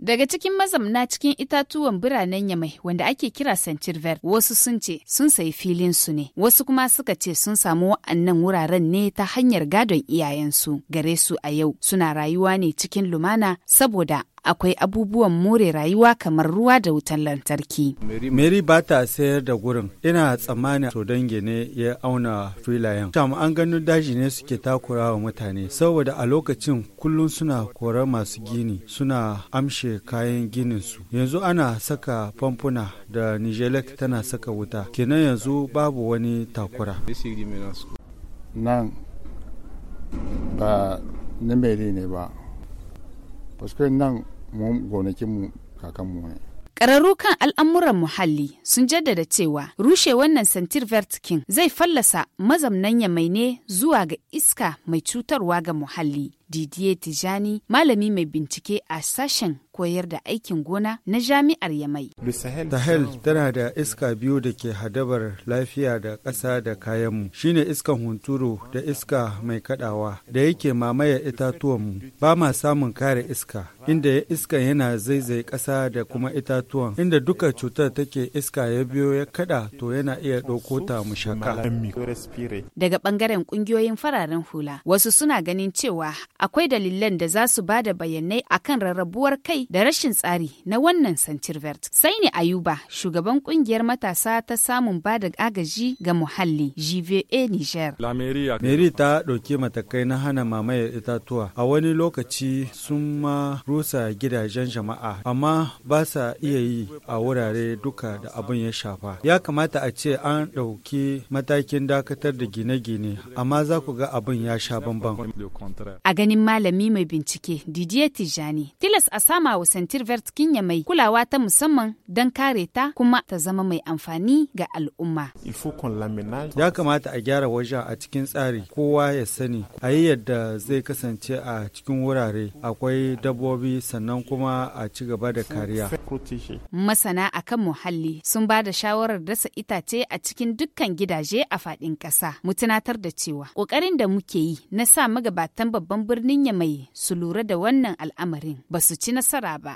Daga cikin mazamna cikin itatuwan biranen Yamai wanda ake kira Sancirver, wasu sun ce sun sayi filin su ne, wasu kuma suka ce sun samu wa'annan wuraren ne ta hanyar gadon iyayensu gare su a yau suna rayuwa ne cikin lumana saboda akwai abubuwan more rayuwa kamar ruwa da wutan lantarki. Mary ba ta sayar da gurin. Ina tsammanin to dange ne ya auna filayen. an ganin daji ne suke takura wa mutane saboda a lokacin kullum suna korar masu gini suna amshe kayan ginin su. Yanzu ana saka famfuna da Nijelek tana saka wuta. Kenan yanzu babu wani takura. Nan ba na nan gonakinmu Ƙararru kan al'amuran muhalli sun jaddada cewa rushe wannan Santir Vertikin zai fallasa mazamnan yamai ne zuwa ga iska mai cutarwa ga muhalli Didier Tijani malami mai bincike a sashen koyar da aikin gona na jami'ar Yamai. Sahel tana da iska biyu da ke hadabar lafiya da ƙasa da kayanmu shine iskan hunturu da iska mai kadawa da yake mamaye itatuwanmu ba ma samun kare iska inda iska yana zaizai ƙasa da kuma itatuwan inda duka cutar take iska ya biyo ya kada to yana iya ɗauko ta mu shaka. Daga ɓangaren ƙungiyoyin fararen hula wasu suna ganin cewa akwai dalilan da za su bada bayanai akan rarrabuwar kai da rashin tsari na wannan Santirvert. Sai ne Ayuba, shugaban kungiyar matasa ta samun bada agaji ga muhalli GVA Niger. Meri ta ɗauki matakai na hana mamayar itatuwa. A wani lokaci sun ma rusa gidajen jama'a, amma ba sa iya yi a wurare duka da abin ya shafa. Ya kamata a ce an ɗauki matakin dakatar da gine-gine, amma za ku ga abin ya sha bamban. A ganin malami mai bincike Didier Tijani. Tilas a sama wa Santir ya mai kulawa ta musamman don kare ta kuma ta zama mai amfani ga al'umma. Ya kamata a gyara wajen a cikin tsari kowa ya sani a yi yadda zai kasance a cikin wurare akwai dabbobi sannan kuma a ci gaba da kariya. Masana a kan muhalli sun ba da shawarar dasa itace a cikin dukkan gidaje a faɗin ƙasa. Mu tunatar da cewa ƙoƙarin da muke yi na sa magabatan babban birnin birnin Yamai su lura da wannan al'amarin ba su ci nasara ba.